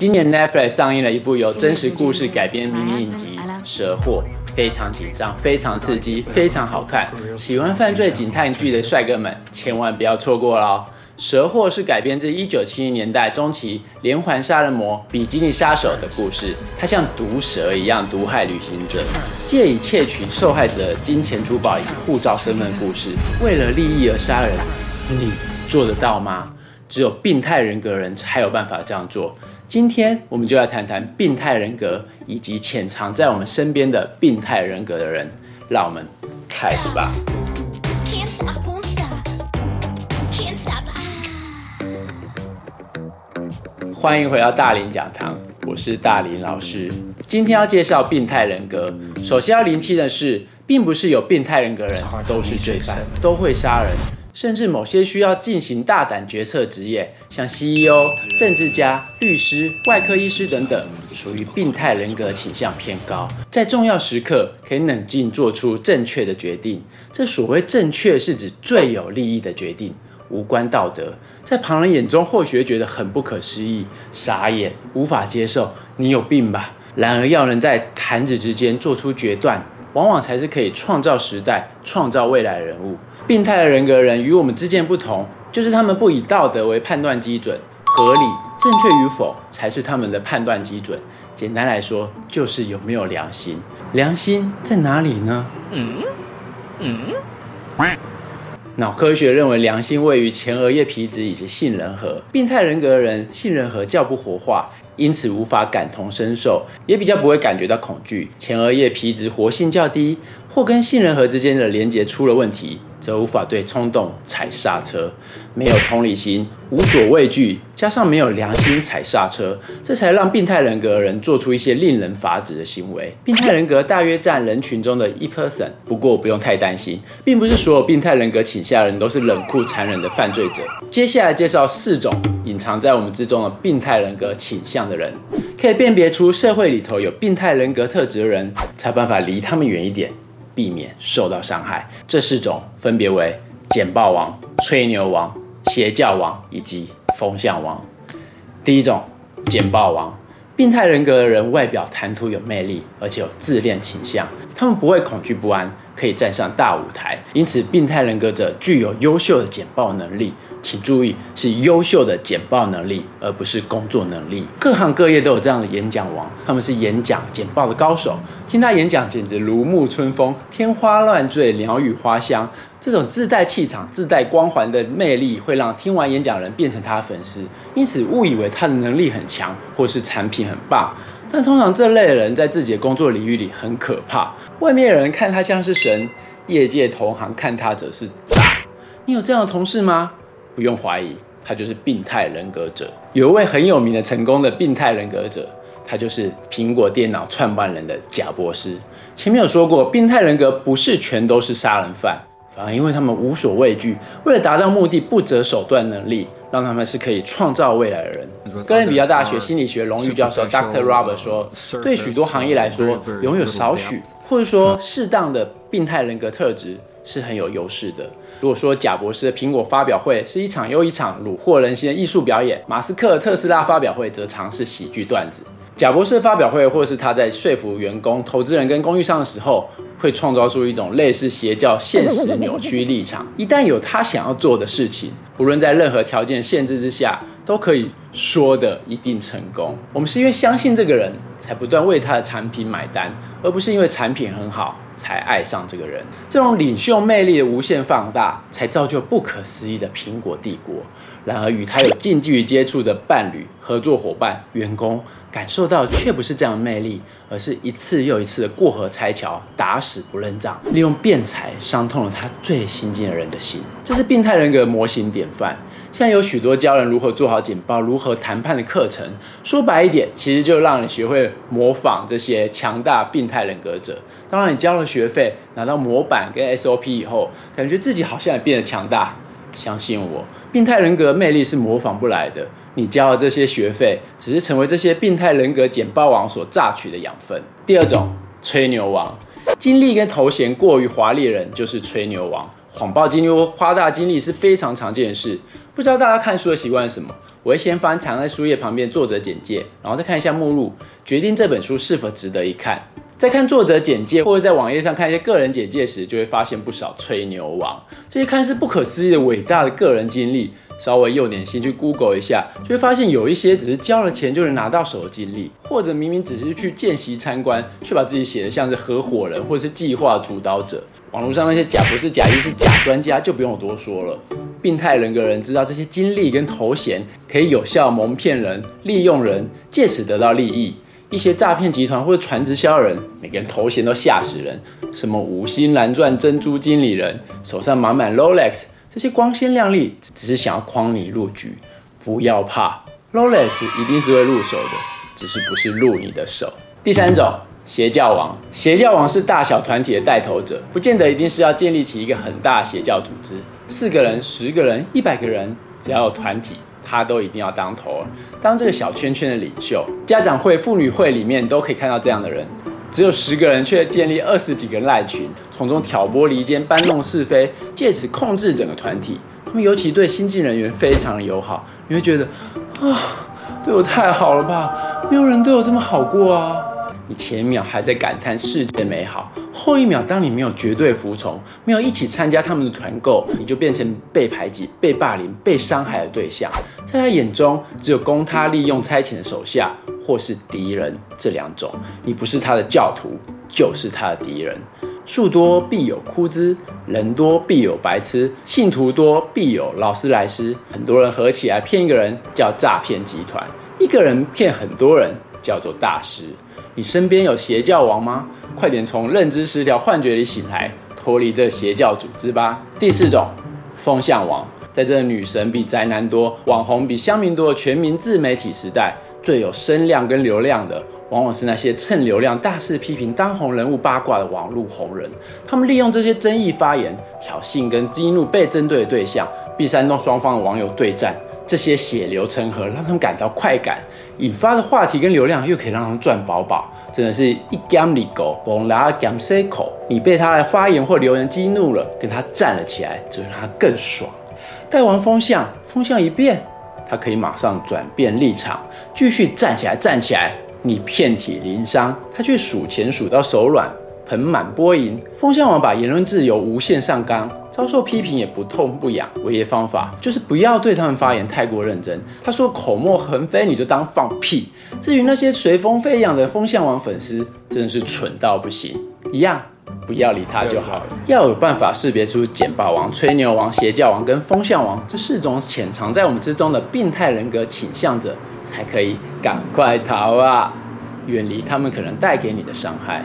今年 Netflix 上映了一部由真實故事改編的迷你影集《蛇惑》，非常緊張，非常刺激，非常好看。喜歡犯罪警探劇的帥哥們千萬不要錯過咯！《蛇惑》是改編自1970年代中期連環殺人魔比基尼殺手的故事，他像毒蛇一樣毒害旅行者，借以竊取受害者金錢、珠寶以及護照、身份的故事，為了利益而殺人。你做得到嗎？只有病態人格的人才有辦法這樣做。今天我們就來談談病態人格以及潛藏在我們身邊的病態人格的人，讓我們開始吧。歡迎回到大林講堂，我是大林老師。今天要介紹病態人格，首先要澄清的是，並不是有病態人格的人都是罪犯，都會殺人。甚至某些需要進行大膽決策職業，像 CEO、政治家、律師、外科醫師等等，屬於病態人格的傾向偏高，在重要時刻可以冷靜做出正確的決定。這所謂“正確”是指最有利益的決定，無關道德。在旁人眼中或許覺得很不可思議、傻眼、無法接受，你有病吧？然而要能在彈指之間做出決斷。往往才是可以創造時代、創造未來的人物。病態的人格的人與我們之間不同，就是他們不以道德為判斷基準，合理、正確與否才是他們的判斷基準。簡單來說，就是有沒有良心。良心在哪裡呢？嗯嗯。腦科學認為良心位於前額葉皮質以及杏仁核。病態人格的人，杏仁核較不活化。因此無法感同身受，也比較不會感覺到恐懼，前額葉皮質活性較低，或跟杏仁核之間的連結出了問題，則無法對衝動踩剎車，沒有同理心，無所畏懼，加上沒有良心踩剎車，這才讓病態人格的人做出一些令人髮指的行為。病態人格大約占人群中的1%，不過不用太擔心，並不是所有病態人格傾向的人都是冷酷殘忍的犯罪者。接下來介紹四種隱藏在我們之中的病態人格傾向的人，可以辨別出社會裡頭有病態人格特質的人，才辦法離他們遠一點。避免受到傷害。這四種分別為：簡報王、吹牛王、邪教王以及風向王。第一種，簡報王。病態人格的人外表談吐有魅力，而且有自戀傾向。他們不會恐懼不安，可以站上大舞台。因此，病態人格者具有優秀的簡報能力。請注意，是優秀的簡報能力，而不是工作能力。各行各業都有這樣的演講王，他們是演講簡報的高手。聽他演講，簡直如沐春風，天花亂墜，鳥語花香。這種自帶氣場、自帶光環的魅力，會讓聽完演講的人變成他的粉絲，因此誤以為他的能力很強，或是產品很棒。但通常這類的人在自己的工作領域裡很可怕，外面的人看他像是神，業界同行看他則是渣。你有這樣的同事嗎？不用懷疑，他就是病態人格者。有一位很有名的成功的病態人格者，他就是蘋果電腦創辦人的賈伯斯。前面有說過，病態人格不是全都是殺人犯。啊！因為他們無所畏懼，為了達到目的不擇手段能力，讓他們是可以創造未來的人。哥倫比亞大學心理學榮譽教授 Dr. Robert 說：“對許多行業來說，擁有少許或者說適當的病態人格特質是很有優勢的。嗯”如果說賈伯斯的蘋果發表會是一場又一場擄獲人心的藝術表演，馬斯克特斯拉發表會則常是喜劇段子。賈伯斯的發表會，或者是他在說服員工、投資人跟供應商的時候。會創造出一種類似邪教、現實扭曲立場。一旦有他想要做的事情，不論在任何條件限制之下，都可以說得一定成功。我們是因為相信這個人才不斷為他的產品買單，而不是因為產品很好才愛上這個人。這種領袖魅力的無限放大，才造就不可思議的蘋果帝國。然而，與他有近距離接觸的伴侶、合作夥伴、員工。感受到卻不是這樣的魅力，而是一次又一次的過河拆橋、打死不認賬，利用辯才傷痛了他最親近的人的心，這是病態人格模型典範。現在有許多教人如何做好簡報、如何談判的課程，說白一點，其實就讓你學會模仿這些強大病態人格者。當然，你交了學費，拿到模板跟 SOP 以後，感覺自己好像也變得強大。相信我，病態人格的魅力是模仿不來的。你交的這些學費，只是成為這些病態人格簡報王所榨取的養分。第二種，吹牛王，經歷跟頭銜過於華麗的人就是吹牛王，謊報經歷或誇大經歷是非常常見的事。不知道大家看書的習慣是什麼？我會先翻藏在書頁旁邊作者簡介，然後再看一下目錄，決定這本書是否值得一看。在看作者簡介，或者在網頁上看一些個人簡介時，就會發現不少吹牛王。這些看似不可思議的偉大的個人經歷，稍微用點心去 Google 一下，就會發現有一些只是交了錢就能拿到手的經歷，或者明明只是去見習參觀，卻把自己寫得像是合夥人或者是計劃主導者。網絡上那些假博士、假醫師、是假專家就不用我多說了。病態人格人知道這些經歷跟頭銜可以有效蒙騙人、利用人，借此得到利益。一些詐騙集團或者傳直銷人，每個人頭銜都嚇死人，什麼五星藍鑽珍珠經理人，手上滿滿 Rolex，這些光鮮亮麗，只是想要框你入局。不要怕，Rolex 一定是會入手的，只是不是入你的手。第三種，邪教王。邪教王是大小團體的帶頭者，不見得一定是要建立起一個很大邪教組織，四個人、十個人、一百個人，只要有團體。他都一定要當頭，當這個小圈圈的領袖。家長會、婦女會裡面都可以看到這樣的人，只有十個人卻建立二十幾個賴群，從中挑撥離間、搬弄是非，借此控制整個團體。他們尤其對新進人員非常的友好，你會覺得啊，對我太好了吧？沒有人對我這麼好過啊。你前一秒還在感嘆世界的美好，後一秒當你沒有絕對服從，沒有一起參加他們的團購，你就變成被排擠、被霸凌、被傷害的對象。在他眼中，只有供他利用差遣的手下，或是敵人，這兩種。你不是他的教徒，就是他的敵人。樹多必有枯枝，人多必有白痴，信徒多必有勞斯萊斯。很多人合起來騙一個人，叫詐騙集團，一個人騙很多人叫做大師。你身邊有邪教王嗎？快點從認知失調幻覺裡醒來，脫離這個邪教組織吧。第四種，風向王，在這個女神比宅男多、網紅比鄉民多的全民自媒體時代，最有聲量跟流量的，往往是那些趁流量大肆批評當紅人物、八卦的網絡紅人。他們利用這些爭議發言挑釁跟激怒被針對的對象，並煽動雙方的網友對戰。這些血流成河，讓他們感到快感，引發的話題跟流量又可以讓他們賺飽飽，真的是一言里狗，崩拉言塞口。你被他的發言或留言激怒了，跟他站了起來，只會讓他更爽。帶完風向，風向一變，他可以馬上轉變立場，繼續站起來，站起來。你遍體鱗傷，他卻數錢數到手軟，盆滿缽盈。風向王把言論自由無限上綱。遭受批評也不痛不癢，唯一方法就是不要對他們發言太過認真。他說口沫橫飛，你就當放屁。至於那些隨風飛揚的風向王粉絲，真的是蠢到不行，一樣不要理他就好了、嗯。要有辦法識別出簡報王、吹牛王、邪教王跟風向王這四種潛藏在我們之中的病態人格傾向者，才可以趕快逃啊，遠離他們可能帶給你的傷害。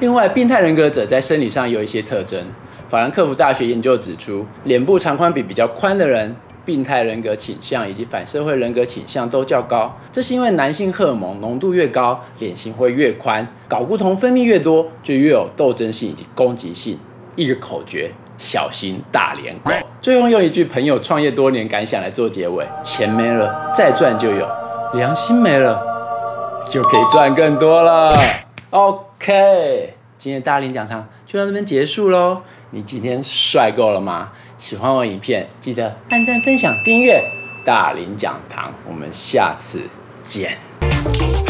另外，病態人格者在生理上有一些特徵。法蘭克福大學研究指出，臉部長寬比比較寬的人，病態人格傾向以及反社會人格傾向都較高。這是因為男性荷爾蒙濃度越高，臉型會越寬，睪固酮分泌越多，就越有鬥爭性以及攻擊性。一個口訣：小心大臉怪。最後用一句朋友創業多年感想來做結尾：錢沒了再賺就有，良心沒了就可以賺更多了。OK，今天的大林講堂就到這邊結束嘍。你今天帥夠了嗎？喜歡我影片，記得按讚、分享、訂閱大林講堂。我們下次見。